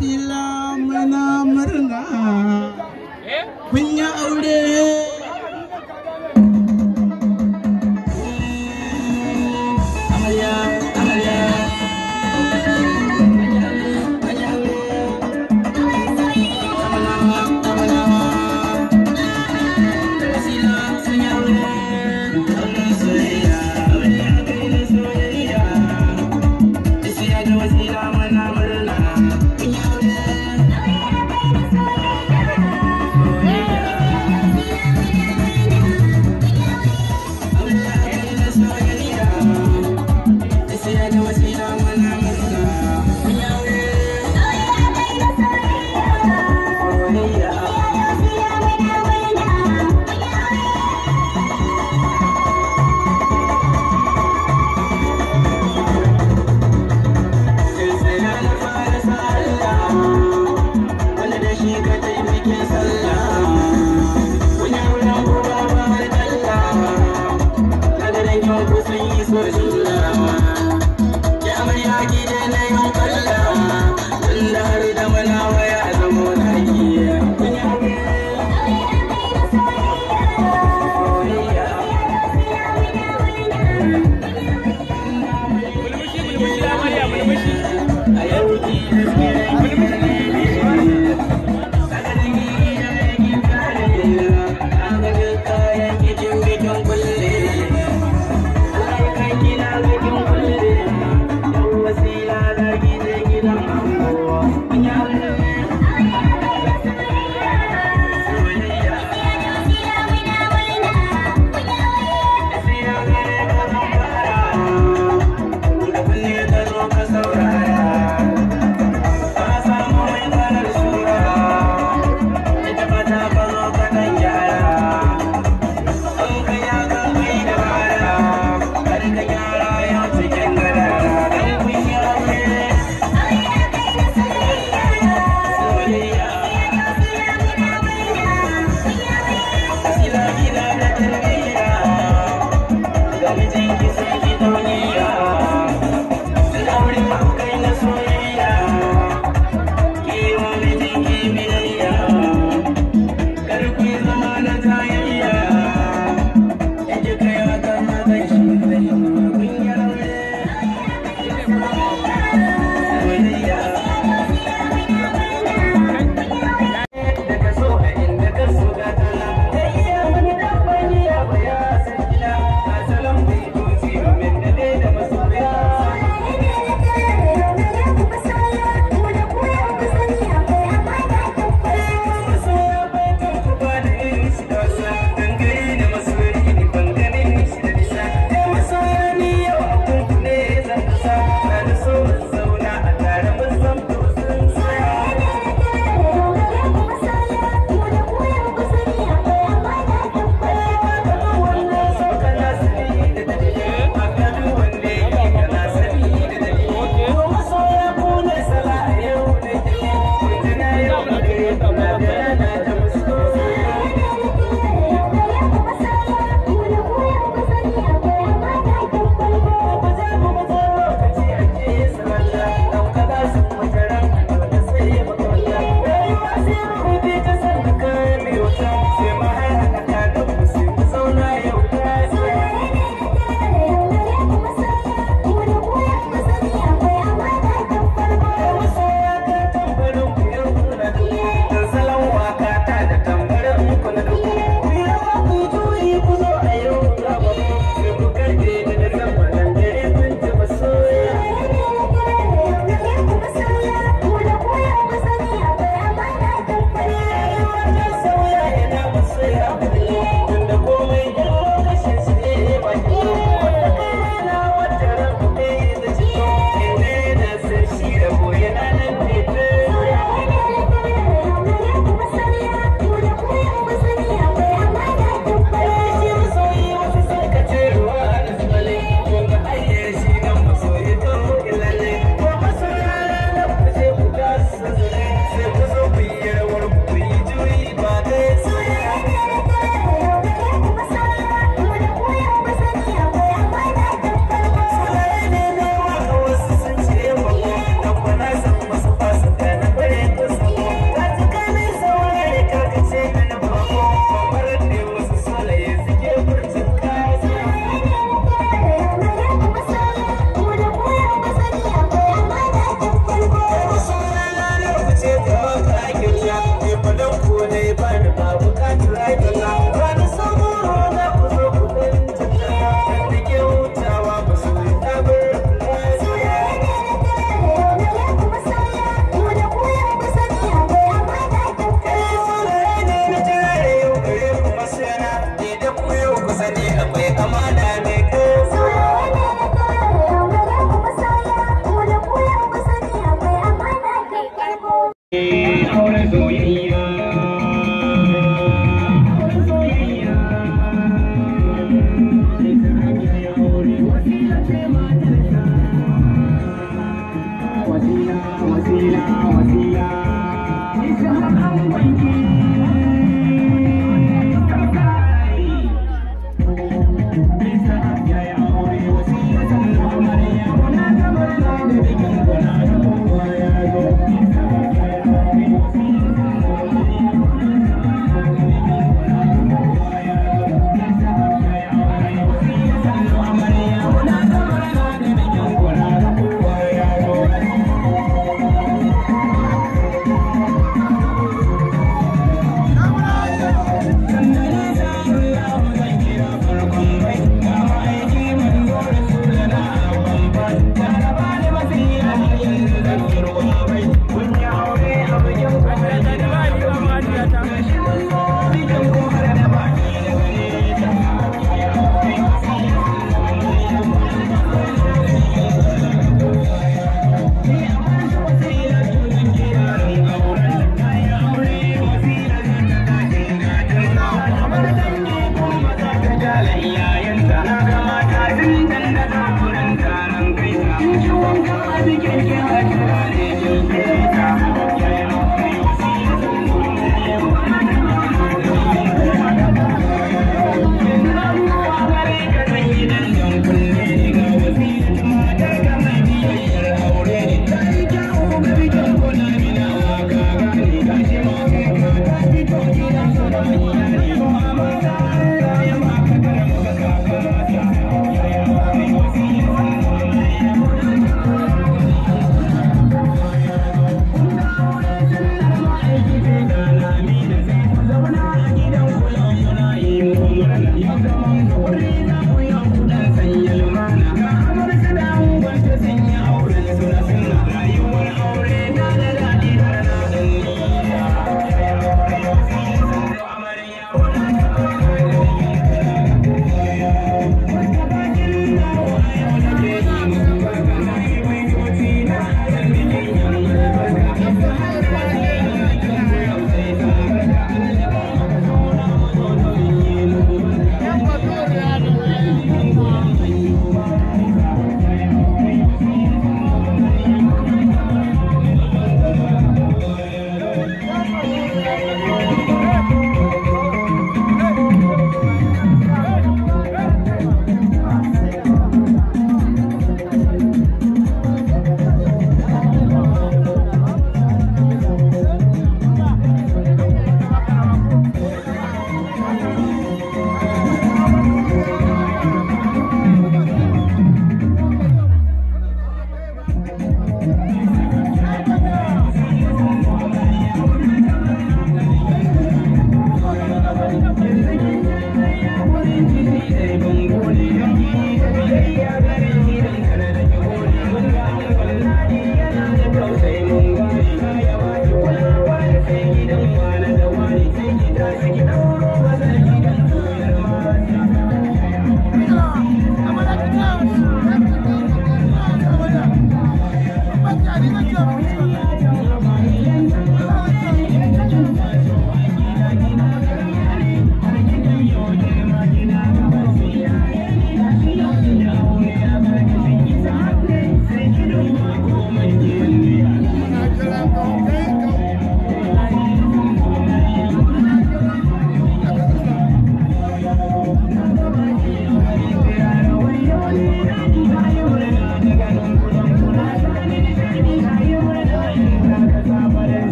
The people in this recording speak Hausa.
tila muna murna kun eh? yi aure Thank you. yeah.